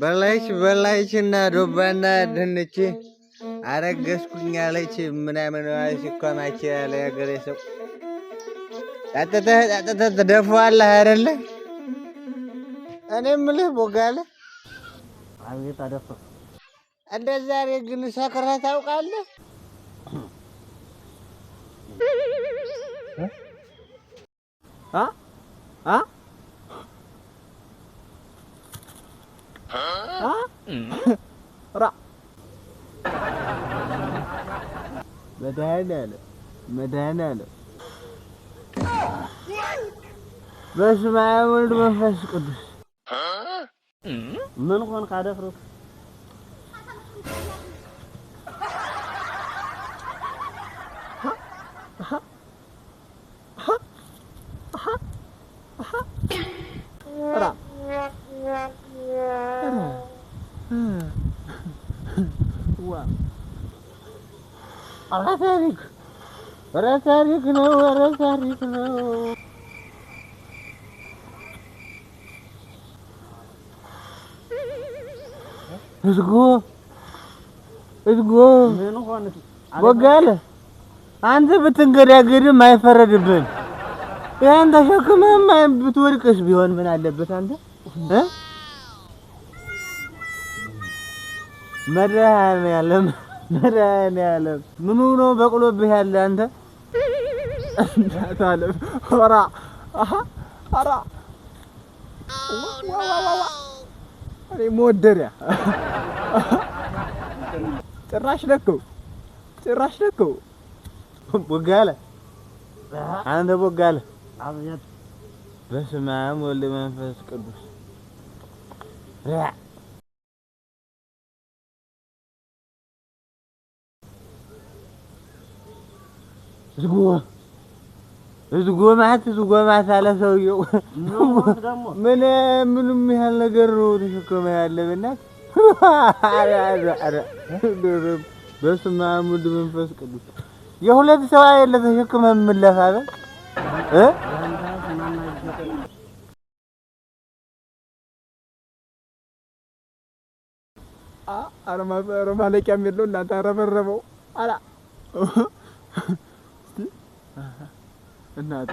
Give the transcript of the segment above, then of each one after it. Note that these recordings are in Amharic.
በላይች በላይች እና ዶባና ድንች አረገዝኩኝ አለች ምናምን ሲኳማች ያለ ያገሬ ሰው ጠጥተህ ጠጥተህ ትደፋዋለህ አይደለ? እኔ የምልህ ቦጋለ አቤት። አደፋ እንደ ዛሬ ግን ሰክረህ ታውቃለህ? አ አ ها؟ را ما ما مدهناله مدهناله بس مع ولد ما فاش قدس من قون قاعد اخرج ها؟ ha. ኧረ ታሪክ ኧረ ታሪክ ነው ኧረ ታሪክ ነው። እዝጎ እዝጎ ወጋለ አንተ ብትንገዳገድም አይፈረድብን ያን ተሸክመህም ብትወድቅስ ቢሆን ምን አለበት? አንተ መድኃኒዓለም ምኑ ነው በቅሎብህ ያለ አንተ? መወደሪያ ጭራሽ ለከው ጭራሽ ቦጋለ አንተ ቦጋለ በስመ አብ መንፈስ ቅዱስ ዝጎ ዝጎ ማት ዝጎ ማት አለ ሰውየው። ምን ምንም ያህል ነገር ተሸከመ ያለ በእናት በስመ አብ ወወልድ መንፈስ ቅዱስ የሁለት ሰው አይደለ ተሸክመ የምለፋ እ አረ ማለቂያም የለው እናንተ አረበረበው አላ እናት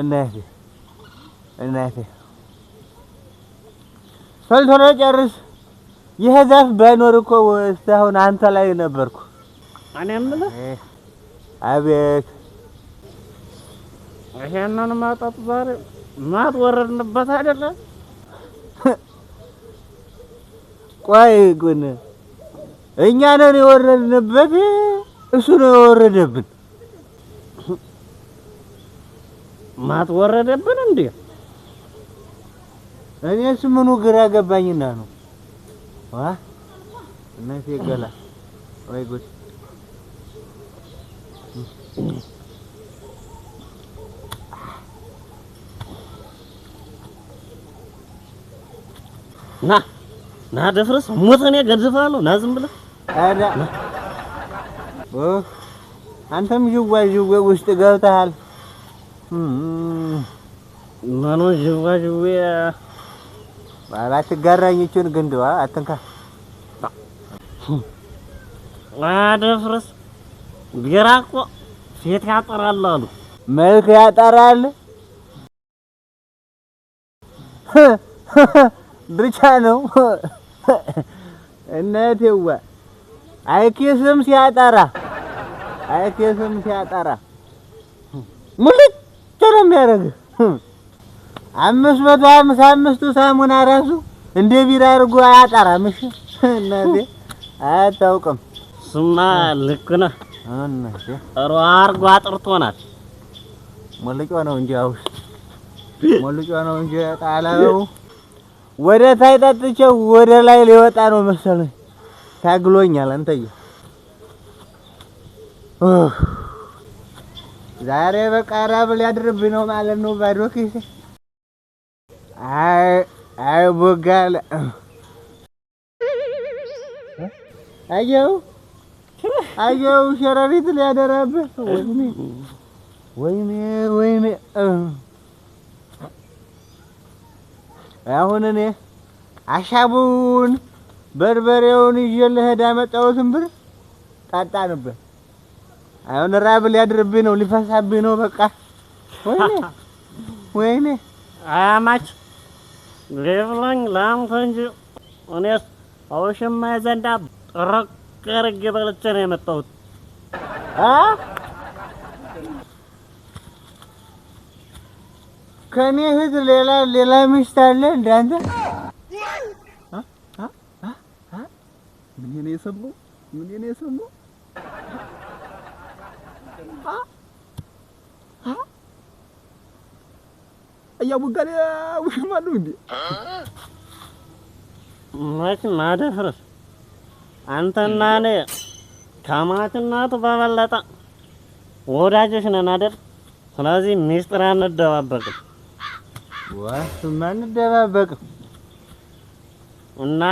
እናቴ እናቴ ፈልቶ ነው ጨርስ። ይሄ ዛፍ ባይኖር እኮ እስካሁን አንተ ላይ ነበርኩ። አቤት ይሄንን ማጠጥ ዛሬ ማት ወረድንበት አይደለ? ቆይ ግን እኛ ነን የወረድንበት፣ እሱ ነው የወረደብን። ማት ወረደብን እንዴ? እኔስ ምኑ ግራ ገባኝና ነው ዋ እናቴ ገላ ወይ ጉድ ና ና ደፍረስ ሞተ እኔ ገድፋለሁ። ና ዝም ብለህ ኦ አንተም ዥዋ ዥዌ ውስጥ ገብተሃል። ምኑ ዥዋ ዥዌ አትጋራኝችን ግንድዋ አትንካ አደፍረስ ቢራ እኮ ፊት ያጠራል አሉ መልክ ያጠራል ብቻ ነው እናቴዋ። አይኬስም ሲያጠራ አይኬስም ሲያጠራ ሙልጭ ነው የሚያደርግህ። አምስት መቶ ሀምሳ አምስቱ ሳሙና ራሱ እንደ ቢራ አድርጎ አያጠራም። እሺ እናቴ አያታውቅም። እሱማ ልክ ነህ። ጥሩ አድርጎ አጥርቶናል። ሙልጮ ነው እንጂ አውሽ ሙልጮ ነው እንጂ ጣለው ወደ ታይ ጠጥቼ ወደ ላይ ሊወጣ ነው መሰለኝ። ታግሎኛል። አንተዬ ዛሬ በቃ ራብ ሊያድርብኝ ነው ማለት ነው። ባዶ ኪሴ አይ አይ ቦጋለ አየው አየው ሸረሪት ሊያደረብህ ወይኔ ወይኔ ወይኔ አሁን እኔ አሻቡን በርበሬውን ይዤልህ ሄዳ መጣሁትን ብር ጣጣንብህ። አሁን ራብ ሊያድርብህ ነው፣ ሊፈሳብህ ነው። በቃ ወይኔ ወይኔ፣ አያማች ሌብለኝ ለአንተ እንጂ እኔስ አውሽማ ዘንዳ ጥርቅ አድርጌ በልቼ ነው የመጣሁት አ ከኔ እህት ሌላ ሌላ ሚስት አለ እንዳንተ? ምን የሰማው? ምን ነው የሰማው? እያወጋን ውሽማሉ እንዴ? መቼም አደፍርስ አንተና እኔ ከማችናቱ በበለጠ ወዳጆች ነን አይደል? ስለዚህ ሚስጥር አንደባበቅም። ዋስማ እንደባበቅም እና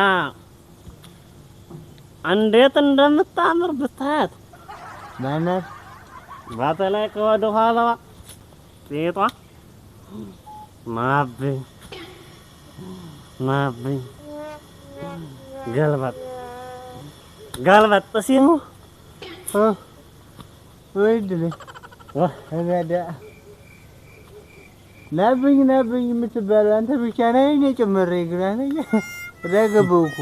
እንዴት እንደምታምር ብታያት ማለት በተለይ ከወደ ኋላዋ ጤጧ ማብኝ ማብኝ ገልበጥ ገልበጥ ሲሙ ወይድልኝ ወ ናብኝ ናብኝ የምትባለው አንተ ብቻ ነህ? እኔ ጭምሬ ግራ ነኝ ረገበው እኮ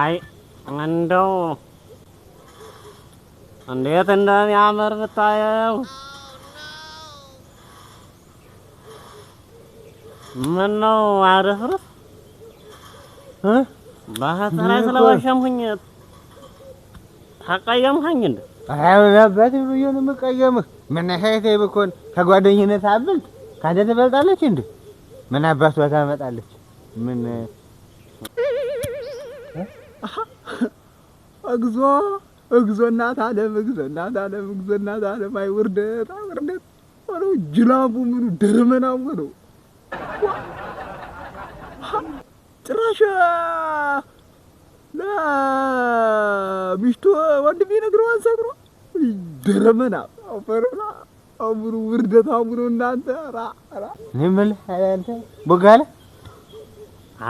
አይ እንደው እንዴት እንደሚያምር ብታየው። ምን ነው አረፍርፍ እ ባህታራይ ስለዋሸምኩኝ ታቀየምኸኝ እንደ አይ አባቴ ብዬሽ ነው የምቀየምህ። ምን ሻይቴ ብኮን ከጓደኝነት አብልት ካንተ ትበልጣለች እንዴ? ምን አባቷ ታመጣለች? ምን እግዞ እግዚኦ፣ እናት ዓለም እግዞ እናት ዓለም እግዚኦ፣ እናት ዓለም። አይ ውርደት፣ አይ ውርደት። ጅላቡ ምኑ ደርመናው ወለው ጭራሽ ለሚስቱ ወንድሜ ነግረዋን ሰግሮ ደርመና አፈርና አምሩ ውርደት አምሩ እናንተ ራ ራ ንምል አንተ ቦጋለ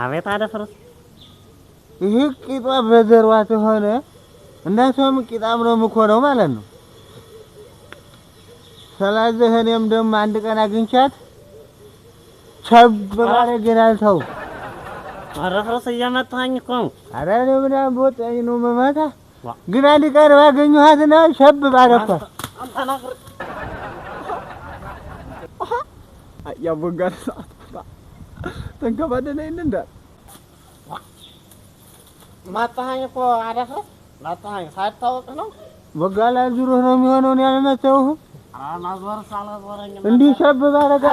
አቤት አደፍርስ ይሄ ቂጧ በዘርዋ ተሆነ እንዳንተም ቂጣም ነው የምኮነው ማለት ነው። ስለዚህ እኔም ደግሞ አንድ ቀን አግኝቻት ቸብ በማድረግን አልተው አረፍረስ እየመታኝ እኮ ነው። ኧረ እኔ ምናምን ነው መመታ ግን አንድ ቀን ባገኘኋት እና ሸብ ባረኳት ያቦንጋር ሰዓት ተንከባደለ ይል እንዳል ማጣሃኝ እኮ አደረስ ማጣሃኝ ሳይታወቅ ነው ወጋ ላይ ዙሮ ነው የሚሆነውን ያልመሰው አማዞር ሳላዞረኝ እንዲህ ሸብ ባረጋ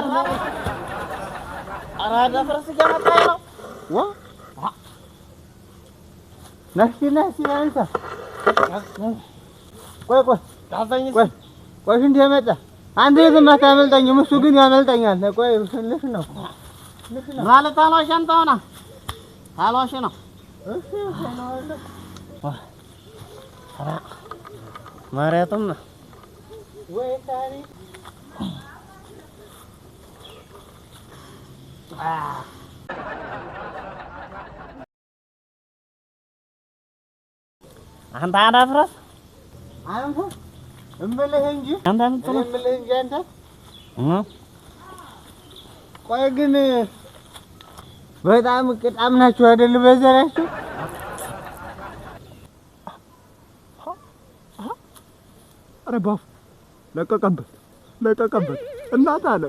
ኧረ ደፍርስ ገመጣይ ነው ወ ነፍሲ ነፍሲ አንተ ቆይ ቆይ ቆይ ቆይ ሽንት የመጣ አንተ የትም አታመልጠኝም። እሱ ግን ያመልጠኛል። ቆይ ልሽ ነው ማለት ነው መሬቱም አንተ አዳፍረስ አንተ እምልህ እንጂ አንተ የምትለው እምልህ እንጂ አንተ እ ቆይ ግን በጣም ቅጣም ናችሁ አይደል? በዘራችሁ ኧረ ባፉ ለቀቀበት ለቀቀበት እናት አለ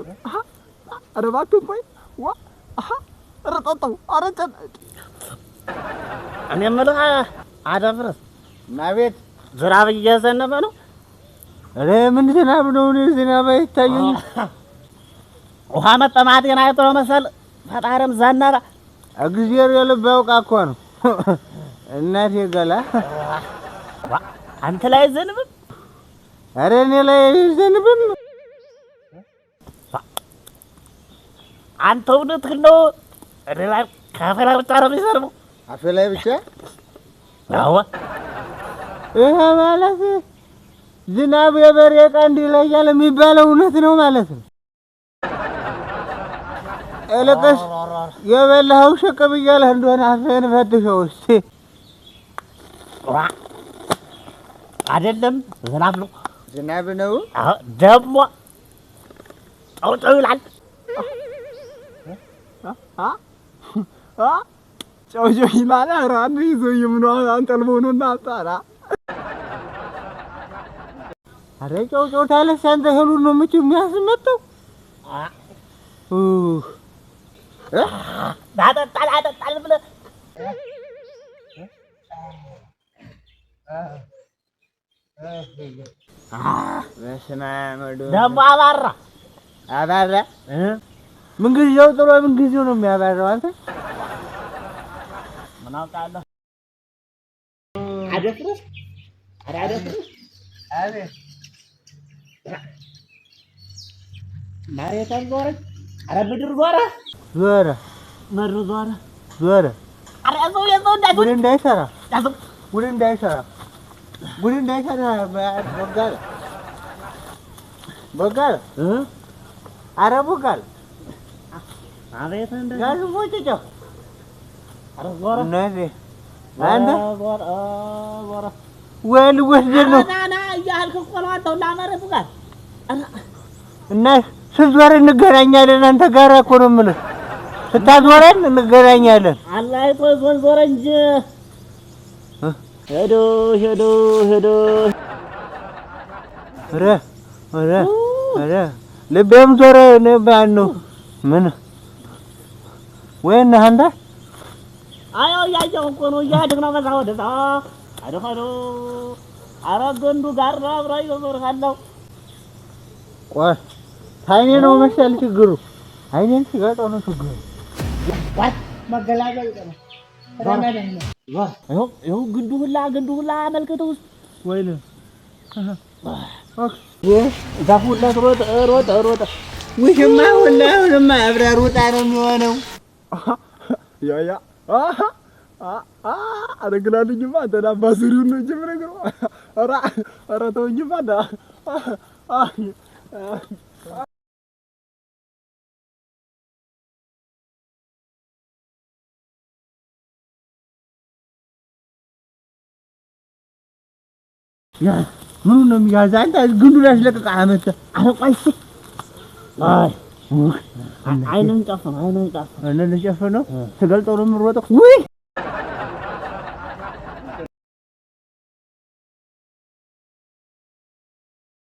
ኧረ እባክህ ቆይ ዋ ኧረ ጠጣው ኧረ ጨ እኔ የምልህ አደፍርስ እና ቤት ዝናብ እየዘነበ ነው እኔ ምን ዝናብ ነው? እኔ ዝናብ አይታየኝ። ውሃ መጠማጤን አይጥሮ መሰል ፈጣሪም ዘነበ። እግዚአብሔር የልብ ያውቃ እኮ ነው። እናቴ ገላ አንተ ላይ ዘንብም። ኧረ እኔ ላይ ዘንብም። አንተ እውነትህን ነው። እኔ ላይ ካፌ ላይ ብቻ ነው የሚዘንበው። አፌ ላይ ብቻ? አዎ ይሄ ማለት ዝናብ የበሬ ቀንድ ይለያል የሚባለው እውነት ነው ማለት ነው። እልቅስ የበላኸው ሽቅብ እያለህ እንደሆነ አፍህን ፈትሸው እስኪ። አይደለም ዝናብ ነው፣ ዝናብ ነው ደግሞ ጠውጠው ይላል። ጨውጨው ይላል። ኧረ አንዱ ይዞ ይምኗ አንጠልቦ ነው እና አረ ጨው ጨው ታለስ አንተ እህሉን ነው ምጭ የሚያስመጣው። አጠጣል አጠጣል ብለህ በስመ ደግሞ አባራ አባራ። ምንጊዜው ጥሩ ነው የሚያባራው። አንተ ምን አውቃለሁ። አቤት መሬትም ዞረ፣ ኧረ ምድር ዞረ ዞረ፣ ምድር ዞረ ዞረ። ኧረ ሰው የሰው እንዳይሰራ ጉድ እንዳይሰራ ጉድ እንዳይሰራ ጉድ እንዳይሰራ ቦጋለ ቦጋለ እ ኧረ ወል ወስደህ ነው እያልክ እኮ ነው አንተው ላመረቱ ጋር እና ስትዞር እንገናኛለን። አንተ ጋር እኮ ነው የምልህ። ስታዞረን እንገናኛለን። አላህ አይቶ ዞን ዞረ እንጂ ሄዶ ሄዶ ሄዶ ኧረ ኧረ ኧረ ልቤም ዞረ። ነባን ነው ምን ወይ አንተ አዮ እያየሁ እኮ ነው እያድግ ነው በዛ ወደዛ አዶ አዶ ገንዱ ጋር አብራ ይዞር ካለው ቆይ አይኔ ነው መሰል ችግሩ፣ አይኔን ሲጋጣው ነው ችግሩ። ግንዱ ሁላ ግንዱ ሁላ አመልክቶ ውስጥ ወይ ዛፉ ሁላ ሮጠ ሮጠ ሮጠ። ውሽማ ሁላ ሁንማ አብራ ሩጣ ነው የሚሆነው። ያያ አረግላልኝማ አንተና ባዙሪውን ነው እንጂ የምነግረው። ኧረ ተወኝማ ያ ምኑ ነው የሚያዝ? አንተ ግንዱን ያስለቀቀ አመት አረቋሽ አይ አይነን ጨፈነው አይነን ስገልጠው ነው የምሮጠው ውይ